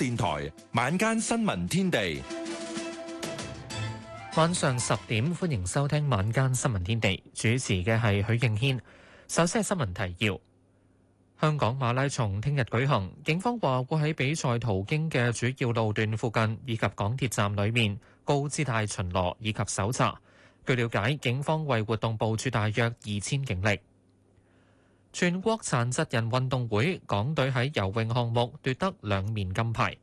電台晚間新聞天地，晚上十點歡迎收聽晚間新聞天地。主持嘅係許敬軒。首先係新聞提要：香港馬拉松聽日舉行，警方話會喺比賽途經嘅主要路段附近以及港鐵站裏面高姿態巡邏以及搜查。據了解，警方為活動部署大約二千警力。全國殘疾人運動會，港隊喺游泳項目奪得兩面金牌。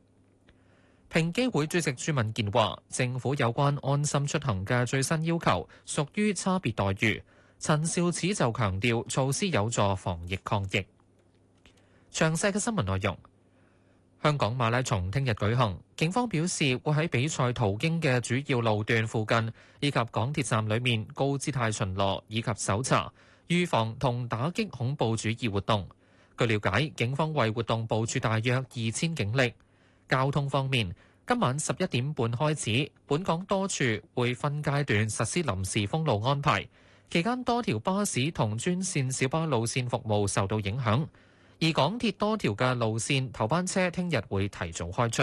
平機會主席朱文健話：政府有關安心出行嘅最新要求屬於差別待遇。陳肇始就強調措施有助防疫抗疫。詳細嘅新聞內容，香港馬拉松聽日舉行，警方表示會喺比賽途經嘅主要路段附近以及港鐵站裏面高姿態巡邏以及搜查。預防同打擊恐怖主義活動。據了解，警方為活動部署大約二千警力。交通方面，今晚十一點半開始，本港多處會分階段實施臨時封路安排，期間多條巴士同專線小巴路線服務受到影響，而港鐵多條嘅路線頭班車聽日會提早開出。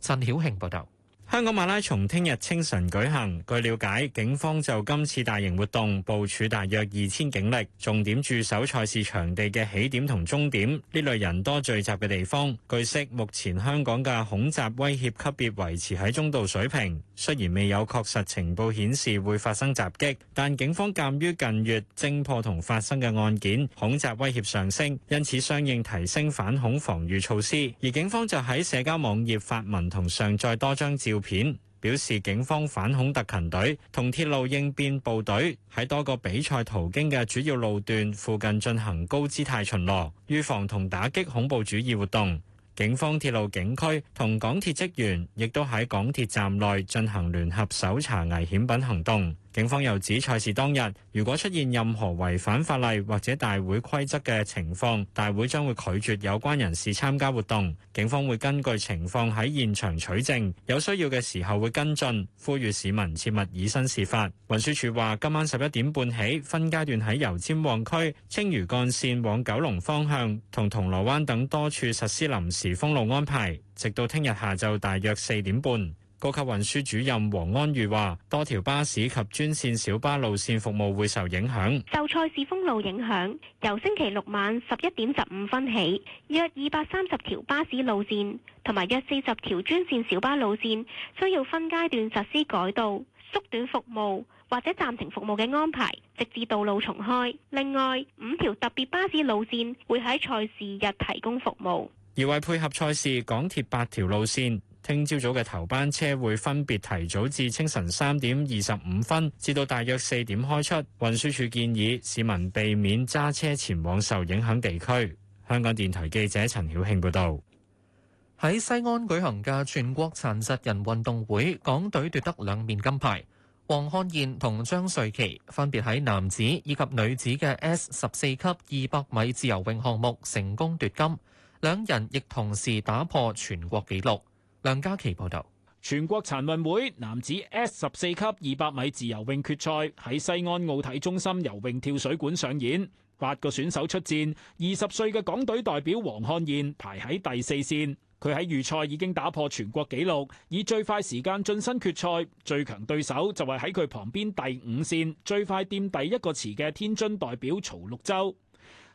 陳曉慶報道。香港馬拉松聽日清晨舉行，據了解，警方就今次大型活動部署大約二千警力，重點駐守賽事場地嘅起點同終點呢類人多聚集嘅地方。據悉，目前香港嘅恐襲威脅級別維持喺中度水平。雖然未有確實情報顯示會發生襲擊，但警方鑑於近月偵破同發生嘅案件恐襲威脅上升，因此相應提升反恐防禦措施。而警方就喺社交網頁發文同上載多張照片表示，警方反恐特勤隊同鐵路應變部隊喺多個比賽途經嘅主要路段附近進行高姿態巡邏，預防同打擊恐怖主義活動。警方鐵路警區同港鐵職員亦都喺港鐵站內進行聯合搜查危險品行動。警方又指，賽事當日如果出現任何違反法例或者大會規則嘅情況，大會將會拒絕有關人士參加活動，警方會根據情況喺現場取證，有需要嘅時候會跟進，呼籲市民切勿以身試法。運輸署話，今晚十一點半起，分階段喺油尖旺區，青嶼幹線往九龍方向同銅鑼灣等多處實施臨時封路安排，直到聽日下晝大約四點半。高級運輸主任黃安裕話，多條巴士及專線小巴路線服務會受影響。受賽事封路影響，由星期六晚十一點十五分起，約二百三十條巴士路線同埋約四十條專線小巴路線需要分階段實施改道、縮短服務或者暫停服務嘅安排，直至道路重開。另外，五條特別巴士路線會喺賽事日提供服務，而為配合賽事，港鐵八條路線。聽朝早嘅頭班車會分別提早至清晨三點二十五分，至到大約四點開出。運輸署建議市民避免揸車前往受影響地區。香港電台記者陳曉慶報道：喺西安舉行嘅全國殘疾人運動會，港隊奪得兩面金牌，黃漢燕同張瑞琪分別喺男子以及女子嘅 S 十四級二百米自由泳項目成功奪金，兩人亦同時打破全國紀錄。梁家琪報道，全國殘運會男子 S 十四級二百米自由泳決賽喺西安奧體中心游泳跳水館上演，八個選手出戰。二十歲嘅港隊代表黃漢燕排喺第四綫，佢喺預賽已經打破全國紀錄，以最快時間晉身決賽。最強對手就係喺佢旁邊第五綫最快掂第一個池嘅天津代表曹綠洲。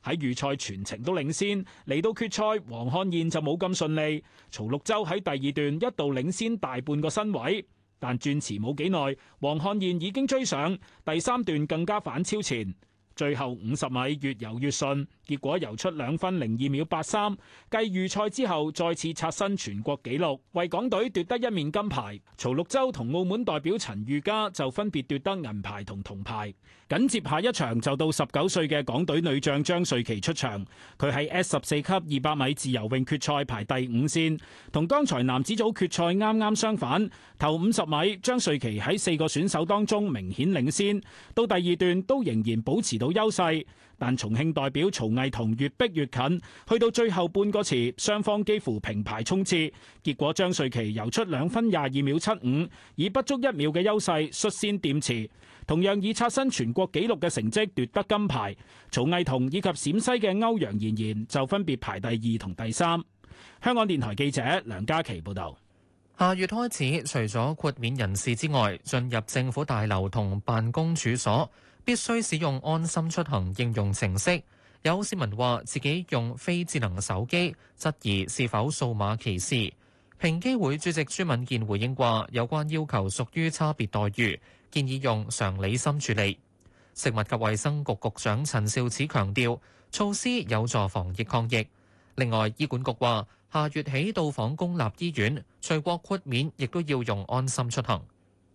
喺預賽全程都領先，嚟到決賽，黃漢燕就冇咁順利。曹陸洲喺第二段一度領先大半個身位，但轉池冇幾耐，黃漢燕已經追上，第三段更加反超前，最後五十米越遊越順，結果游出兩分零二秒八三，繼預賽之後再次刷新全國紀錄，為港隊奪得一面金牌。曹陸洲同澳門代表陳裕嘉就分別奪得銀牌同銅牌。緊接下一場就到十九歲嘅港隊女將張瑞琪出場，佢喺 S 十四級二百米自由泳決賽排第五線，同剛才男子組決賽啱啱相反。頭五十米張瑞琪喺四個選手當中明顯領先，到第二段都仍然保持到優勢，但重慶代表曹藝彤越逼越近，去到最後半個池，雙方幾乎平排衝刺，結果張瑞琪游出兩分廿二秒七五，以不足一秒嘅優勢率先掂池。同樣以刷新全國紀錄嘅成績奪得金牌，曹毅彤以及陝西嘅歐陽妍妍就分別排第二同第三。香港電台記者梁嘉琪報導。下月開始，除咗豁免人士之外，進入政府大樓同辦公處所必須使用安心出行應用程式。有市民話自己用非智能手機，質疑是否數碼歧視。平機會主席朱敏健回應話：有關要求屬於差別待遇。建議用常理心處理。食物及衛生局局長陳肇始強調，措施有助防疫抗疫。另外，醫管局話，下月起到訪公立醫院，除獲豁免，亦都要用安心出行。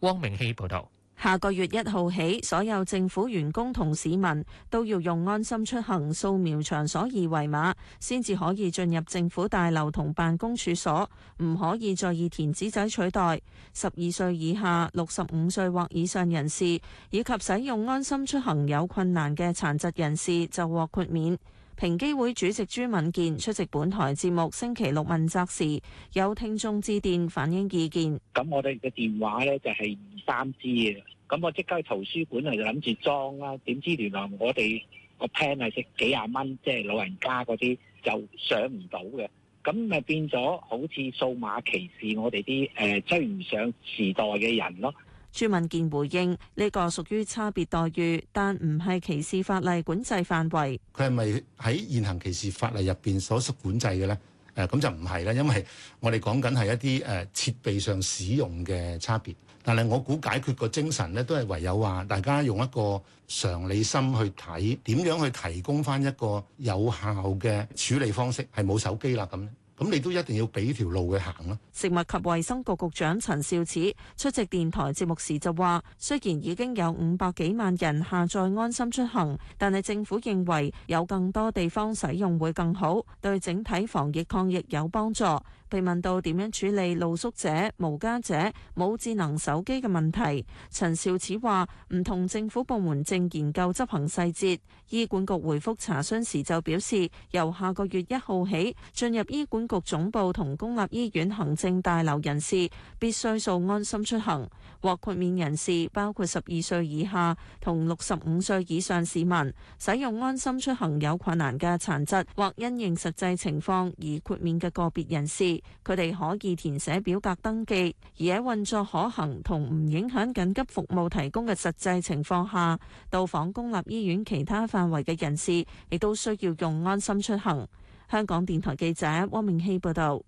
汪明希報道。下個月一號起，所有政府員工同市民都要用安心出行掃描場所二維碼，先至可以進入政府大樓同辦公處所。唔可以再以填紙仔取代。十二歲以下、六十五歲或以上人士，以及使用安心出行有困難嘅殘疾人士就獲豁免。平機會主席朱敏健出席本台節目星期六問責時，有聽眾致電反映意見。咁我哋嘅電話咧就係二三 G 嘅，咁我即刻去圖書館嚟諗住裝啦。點知原來我哋個 plan 係食幾廿蚊，即係老人家嗰啲就上唔到嘅。咁咪變咗好似數碼歧視我哋啲誒追唔上時代嘅人咯。朱文健回應：呢、這個屬於差別待遇，但唔係歧視法例管制範圍。佢係咪喺現行歧視法例入邊所屬管制嘅咧？誒、呃，咁就唔係啦，因為我哋講緊係一啲誒、呃、設備上使用嘅差別。但係我估解決個精神咧，都係唯有話大家用一個常理心去睇，點樣去提供翻一個有效嘅處理方式，係冇手機啦咁。咁你都一定要俾條路佢行啦。食物及衛生局局長陳肇始出席電台節目時就話，雖然已經有五百幾萬人下載安心出行，但係政府認為有更多地方使用會更好，對整體防疫抗疫有幫助。被問到點樣處理露宿者、無家者、冇智能手機嘅問題，陳肇始話：唔同政府部門正研究執行細節。醫管局回覆查詢時就表示，由下個月一號起，進入醫管局總部同公立醫院行政大樓人士必須掃安心出行。獲豁免人士包括十二歲以下同六十五歲以上市民，使用安心出行有困難嘅殘疾或因應實際情況而豁免嘅個別人士，佢哋可以填寫表格登記。而喺運作可行同唔影響緊急服務提供嘅實際情況下，到訪公立醫院其他範圍嘅人士，亦都需要用安心出行。香港電台記者汪明熙報道。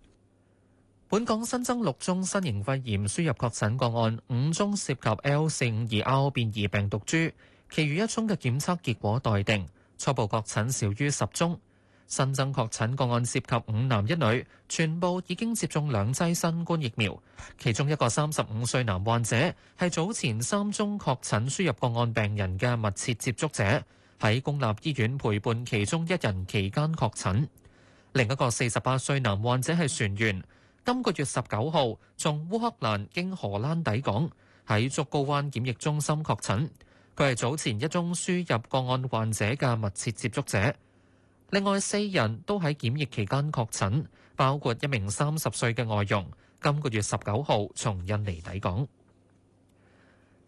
本港新增六宗新型肺炎輸入確診個案，五宗涉及 L 四五二 R 變異病毒株，其餘一宗嘅檢測結果待定。初步確診少於十宗，新增確診個案涉及五男一女，全部已經接種兩劑新冠疫苗。其中一個三十五歲男患者係早前三宗確診輸入個案病人嘅密切接觸者，喺公立醫院陪伴其中一人期間確診。另一個四十八歲男患者係船員。今個月十九號從烏克蘭經荷蘭抵港，喺竹篙灣檢疫中心確診。佢係早前一宗輸入個案患者嘅密切接觸者。另外四人都喺檢疫期間確診，包括一名三十歲嘅外傭。今個月十九號從印尼抵港，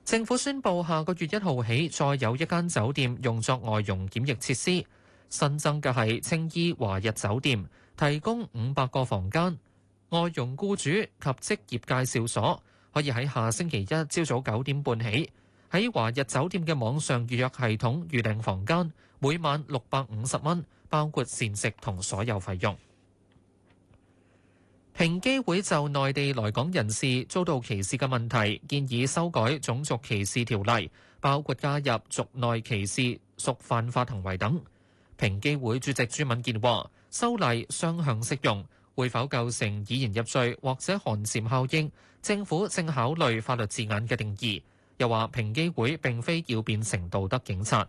政府宣布下個月一號起再有一間酒店用作外傭檢疫設施，新增嘅係青衣華日酒店，提供五百個房間。外傭雇主及職業介紹所可以喺下星期一朝早九點半起，喺華日酒店嘅網上預約系統預訂房間，每晚六百五十蚊，包括膳食同所有費用。平機會就內地來港人士遭到歧視嘅問題，建議修改種族歧視條例，包括加入族內歧視、屬犯法行為等。平機會主席朱敏健話，修例雙向適用。會否構成以言入罪或者寒蟬效應？政府正考慮法律字眼嘅定義，又話評議會並非要變成道德警察。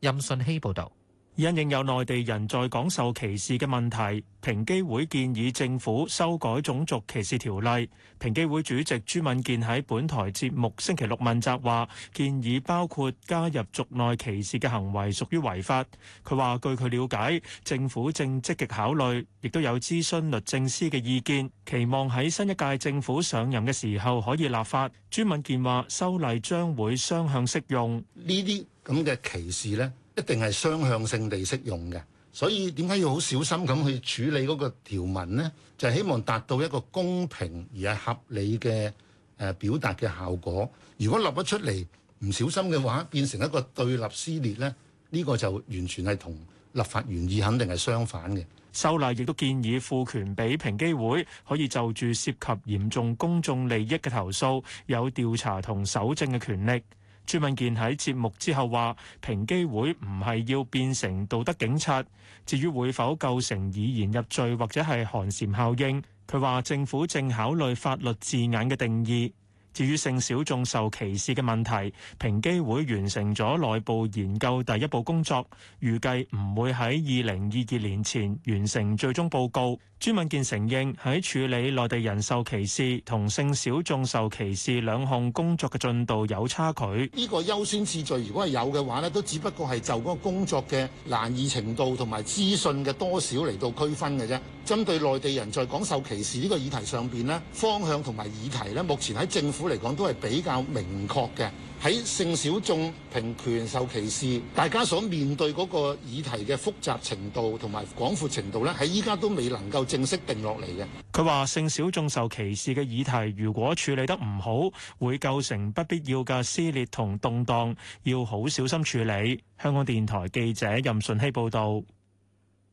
任信希報導。因應有內地人在港受歧視嘅問題，平機會建議政府修改種族歧視條例。平機會主席朱敏健喺本台節目星期六問責話，建議包括加入族內歧視嘅行為屬於違法。佢話，據佢了解，政府正積極考慮，亦都有諮詢律政司嘅意見，期望喺新一屆政府上任嘅時候可以立法。朱敏健話，修例將會雙向適用。呢啲咁嘅歧視呢？一定係雙向性地適用嘅，所以點解要好小心咁去處理嗰個條文呢？就係希望達到一個公平而係合理嘅誒表達嘅效果。如果立出不出嚟，唔小心嘅話，變成一個對立撕裂咧，呢、呢個就完全係同立法原意肯定係相反嘅。修例亦都建議賦權俾平機會，可以就住涉及嚴重公眾利益嘅投訴，有調查同搜證嘅權力。朱敏健喺節目之後話，平機會唔係要變成道德警察。至於會否構成以言入罪或者係寒蟬效應，佢話政府正考慮法律字眼嘅定義。至於性小眾受歧視嘅問題，平機會完成咗內部研究第一步工作，預計唔會喺二零二二年前完成最終報告。朱敏健承認喺處理內地人受歧視同性小眾受歧視兩項工作嘅進度有差距。呢個優先次序如果係有嘅話咧，都只不過係就嗰個工作嘅難易程度同埋資訊嘅多少嚟到區分嘅啫。針對內地人在港受歧視呢個議題上邊咧，方向同埋議題咧，目前喺政府嚟講都係比較明確嘅。喺性小眾平權受歧視，大家所面對嗰個議題嘅複雜程度同埋廣闊程度咧，喺依家都未能夠正式定落嚟嘅。佢話：性小眾受歧視嘅議題，如果處理得唔好，會構成不必要嘅撕裂同動盪，要好小心處理。香港電台記者任順希報導。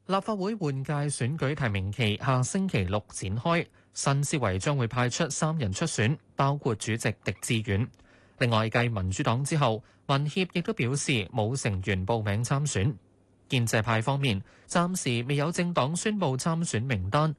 立法會換屆選舉提名期下星期六展開，新思維將會派出三人出選，包括主席狄志遠。另外，繼民主黨之後，民協亦都表示冇成員報名參選。建制派方面，暫時未有政黨宣布參選名單。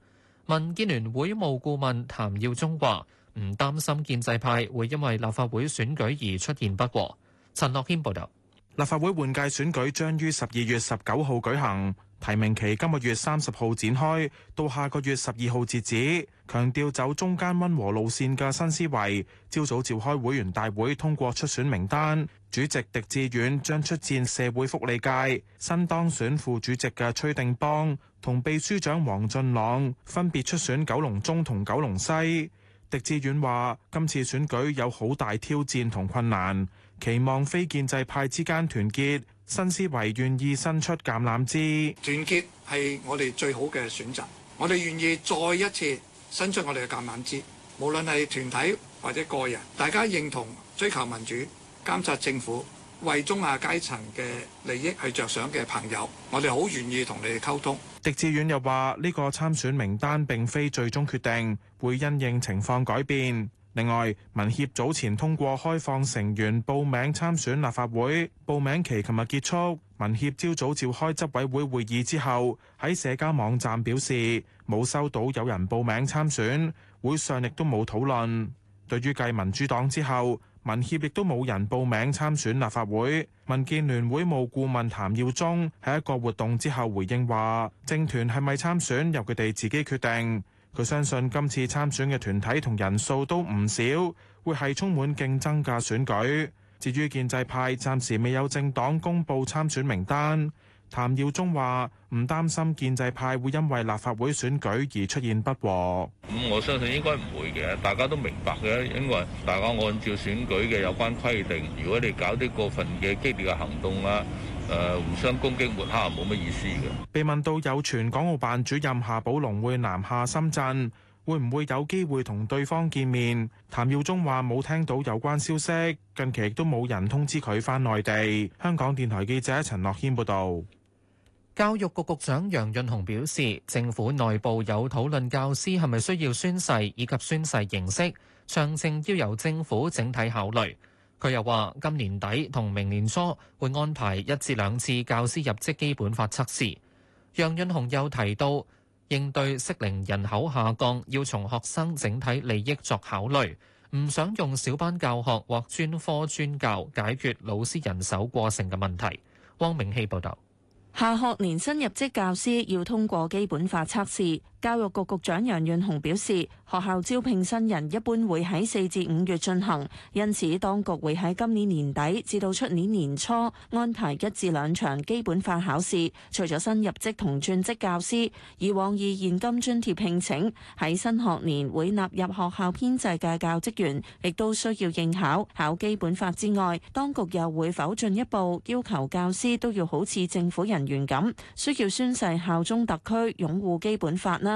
民建聯會務顧問譚耀宗話：唔擔心建制派會因為立法會選舉而出現不和。陳樂謙報道。立法會換屆選舉將於十二月十九號舉行。提名期今個月三十號展開，到下個月十二號截止。強調走中間温和路線嘅新思維，朝早召開會員大會，通過出選名單。主席狄志遠將出戰社會福利界。新當選副主席嘅崔定邦同秘書長王俊朗分別出選九龍中同九龍西。狄志遠話：今次選舉有好大挑戰同困難，期望非建制派之間團結。新思維願意伸出橄欖枝，團結係我哋最好嘅選擇。我哋願意再一次伸出我哋嘅橄欖枝，無論係團體或者個人，大家認同追求民主、監察政府、為中下階層嘅利益係着想嘅朋友，我哋好願意同你哋溝通。狄志遠又話：呢個參選名單並非最終決定，會因應情況改變。另外，民協早前通過開放成員報名參選立法會，報名期琴日結束。民協朝早召開執委會會議之後，喺社交網站表示冇收到有人報名參選，會上亦都冇討論。對於繼民主黨之後，民協亦都冇人報名參選立法會，民建聯會務顧問譚耀宗喺一個活動之後回應話：政團係咪參選由佢哋自己決定。佢相信今次參選嘅團體同人數都唔少，會係充滿競爭嘅選舉。至於建制派暫時未有政黨公布參選名單，譚耀宗話唔擔心建制派會因為立法會選舉而出現不和。咁我相信應該唔會嘅，大家都明白嘅，應該大家按照選舉嘅有關規定，如果你搞啲過分嘅激烈嘅行動啦。誒、呃、互相攻擊抹黑冇乜意思嘅。被問到有傳港澳辦主任夏寶龍會南下深圳，會唔會有機會同對方見面？譚耀宗話冇聽到有關消息，近期亦都冇人通知佢返內地。香港電台記者陳樂軒報導。教育局局長楊潤雄表示，政府內部有討論教師係咪需要宣誓，以及宣誓形式，詳情要由政府整體考慮。佢又話：今年底同明年初會安排一至兩次教師入職基本法測試。楊潤雄又提到，應對適齡人口下降，要從學生整體利益作考慮，唔想用小班教學或專科專教解決老師人手過剩嘅問題。汪明熙報導。下學年新入職教師要通過基本法測試。教育局局長楊潤雄表示，學校招聘新人一般會喺四至五月進行，因此當局會喺今年年底至到出年年初安排一至兩場基本法考試。除咗新入職同轉職教師，以往以現金津貼聘請喺新學年會納入學校編制嘅教職員，亦都需要應考考基本法之外，當局又會否進一步要求教師都要好似政府人員咁，需要宣誓效忠特區、擁護基本法呢？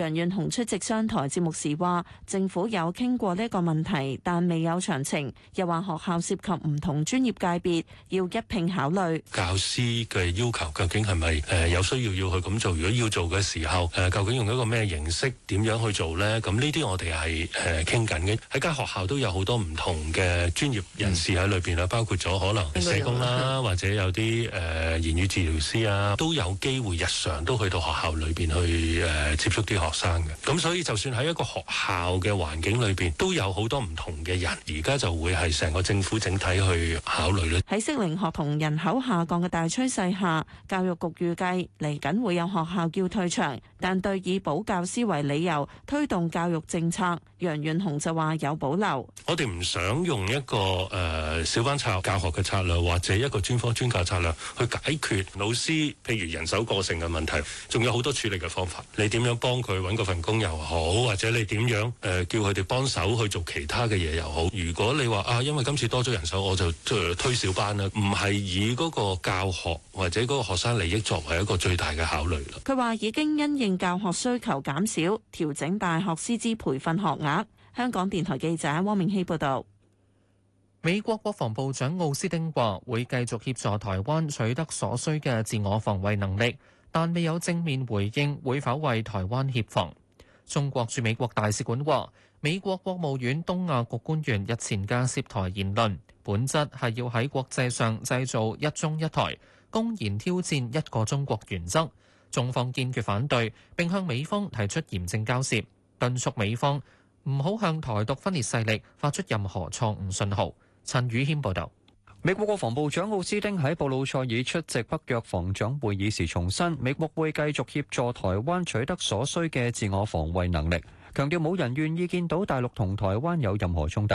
楊潤雄出席商台節目時話，政府有傾過呢個問題，但未有詳情。又話學校涉及唔同專業界別，要一併考慮。教師嘅要求究竟係咪誒有需要要去咁做？如果要做嘅時候，誒究竟用一個咩形式，點樣去做咧？咁呢啲我哋係誒傾緊嘅。喺間學校都有好多唔同嘅專業人士喺裏邊啊，包括咗可能社工啦，或者有啲誒言語治療師啊，都有機會日常都去到學校裏邊去誒接觸啲學生嘅，咁所以就算喺一個學校嘅環境裏邊，都有好多唔同嘅人。而家就會係成個政府整體去考慮咧。喺適齡學童人口下降嘅大趨勢下，教育局預計嚟緊會有學校要退場，但對以補教師為理由推動教育政策，楊潤雄就話有保留。我哋唔想用一個誒、呃、小班策教學嘅策略，或者一個專科專教策略去解決老師譬如人手過剩嘅問題，仲有好多處理嘅方法。你點樣幫佢？去搵份工又好，或者你點樣誒、呃、叫佢哋幫手去做其他嘅嘢又好。如果你話啊，因為今次多咗人手，我就推小班啦。唔係以嗰個教學或者嗰個學生利益作為一個最大嘅考慮。佢話已經因應教學需求減少，調整大學師資培訓學額。香港電台記者汪明希報道。美國國防部長奧斯汀話會繼續協助台灣取得所需嘅自我防衛能力。但未有正面回應會否為台灣協防？中國駐美國大使館話：美國國務院東亞局官員日前嘅涉台言論，本質係要喺國際上製造一中一台，公然挑戰一個中國原則。中方堅決反對，並向美方提出嚴正交涉，敦促美方唔好向台獨分裂勢力發出任何錯誤信號。陳宇軒報導。美國國防部長奧斯汀喺布魯塞爾出席北約防長會議時重申，美國會繼續協助台灣取得所需嘅自我防衛能力，強調冇人願意見到大陸同台灣有任何衝突。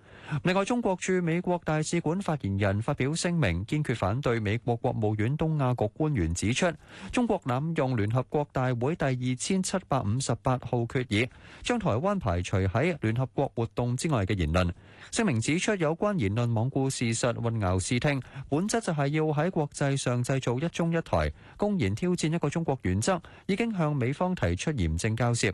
另外，中國駐美國大使館發言人發表聲明，堅決反對美國國務院東亞局官員指出，中國濫用聯合國大會第二千七百五十八號決議，將台灣排除喺聯合國活動之外嘅言論。聲明指出，有關言論罔顧事實，混淆視聽，本質就係要喺國際上製造一中一台，公然挑戰一個中國原則，已經向美方提出嚴正交涉。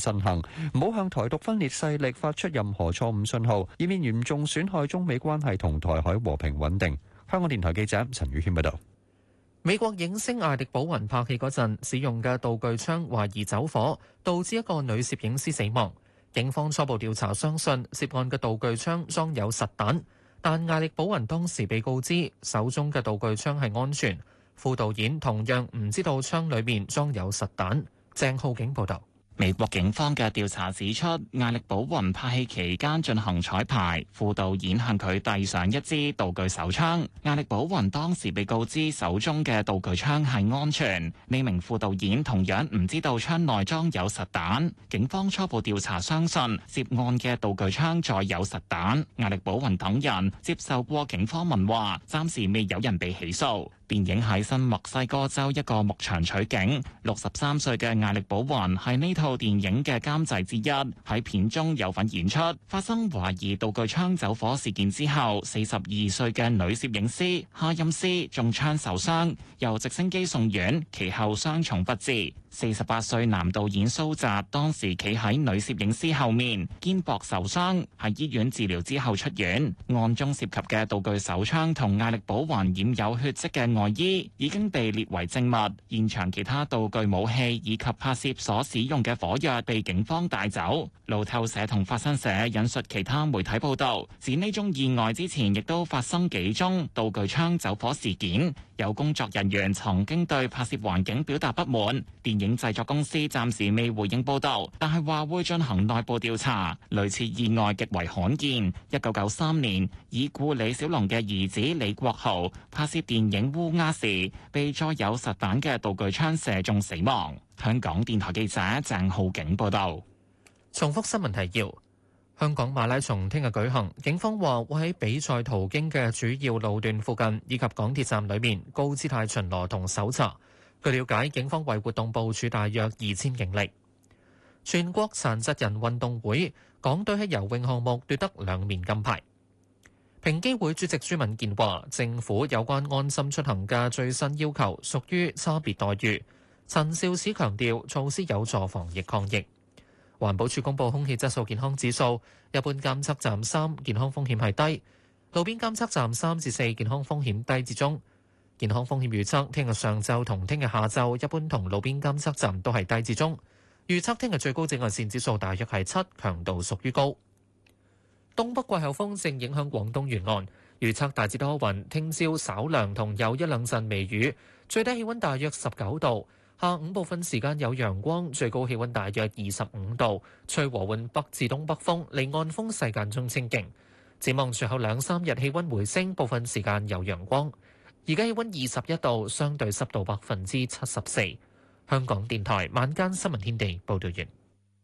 進行，唔好向台獨分裂勢力發出任何錯誤信號，以免嚴重損害中美關係同台海和平穩定。香港電台記者陳宇謙報道。美國影星艾力保雲拍戲嗰陣使用嘅道具槍懷疑走火，導致一個女攝影師死亡。警方初步調查相信涉案嘅道具槍裝有實彈，但艾力保雲當時被告知手中嘅道具槍係安全。副導演同樣唔知道槍裏面裝有實彈。鄭浩景報道。美國警方嘅調查指出，艾力保雲拍戲期間進行彩排，副導演向佢遞上一支道具手槍。艾力保雲當時被告知手中嘅道具槍係安全，呢名副導演同樣唔知道槍內裝有實彈。警方初步調查相信，涉案嘅道具槍載有實彈。艾力保雲等人接受過警方問話，暫時未有人被起訴。電影喺新墨西哥州一個牧場取景。六十三歲嘅艾力保環係呢套電影嘅監製之一，喺片中有份演出。發生懷疑道具槍走火事件之後，四十二歲嘅女攝影師哈欽斯中槍受傷，由直升機送院，其後傷重不治。四十八歲男導演蘇澤當時企喺女攝影師後面，肩膊受傷，喺醫院治療之後出院。案中涉及嘅道具手槍同艾力保環染有血跡嘅外衣已經被列為證物，現場其他道具、武器以及拍攝所使用嘅火藥被警方帶走。路透社同法新社引述其他媒體報道，指呢宗意外之前亦都發生幾宗道具槍走火事件，有工作人員曾經對拍攝環境表達不滿，電影製作公司暫時未回應報道，但係話會進行內部調查。類似意外極為罕見，一九九三年，已故李小龍嘅兒子李國豪拍攝電影《烏時被載有實彈嘅道具槍射中死亡。香港電台記者鄭浩景報道。重複新聞提要：香港馬拉松聽日舉行，警方話會喺比賽途經嘅主要路段附近以及港鐵站裏面高姿態巡邏同搜查。據了解，警方為活動部署大約二千警力。全國殘疾人運動會，港隊喺游泳項目奪得兩面金牌。平機會主席朱敏健話：政府有關安心出行嘅最新要求屬於差別待遇。陳肇始強調措施有助防疫抗疫。環保署公布空氣質素健康指數，一般監測站三健康風險係低，路邊監測站三至四健康風險低至中。健康風險預測聽日上晝同聽日下晝一般同路邊監測站都係低至中。預測聽日最高紫外線指數大約係七，強度屬於高。東北季候風正影響廣東沿岸，預測大致多雲，聽朝稍涼同有一兩陣微雨，最低氣温大約十九度。下午部分時間有陽光，最高氣温大約二十五度。吹和緩北至東北風，離岸風勢間中清勁。展望隨後兩三日氣温回升，部分時間有陽光。而家氣温二十一度，相對濕度百分之七十四。香港電台晚間新聞天地報導，報道完。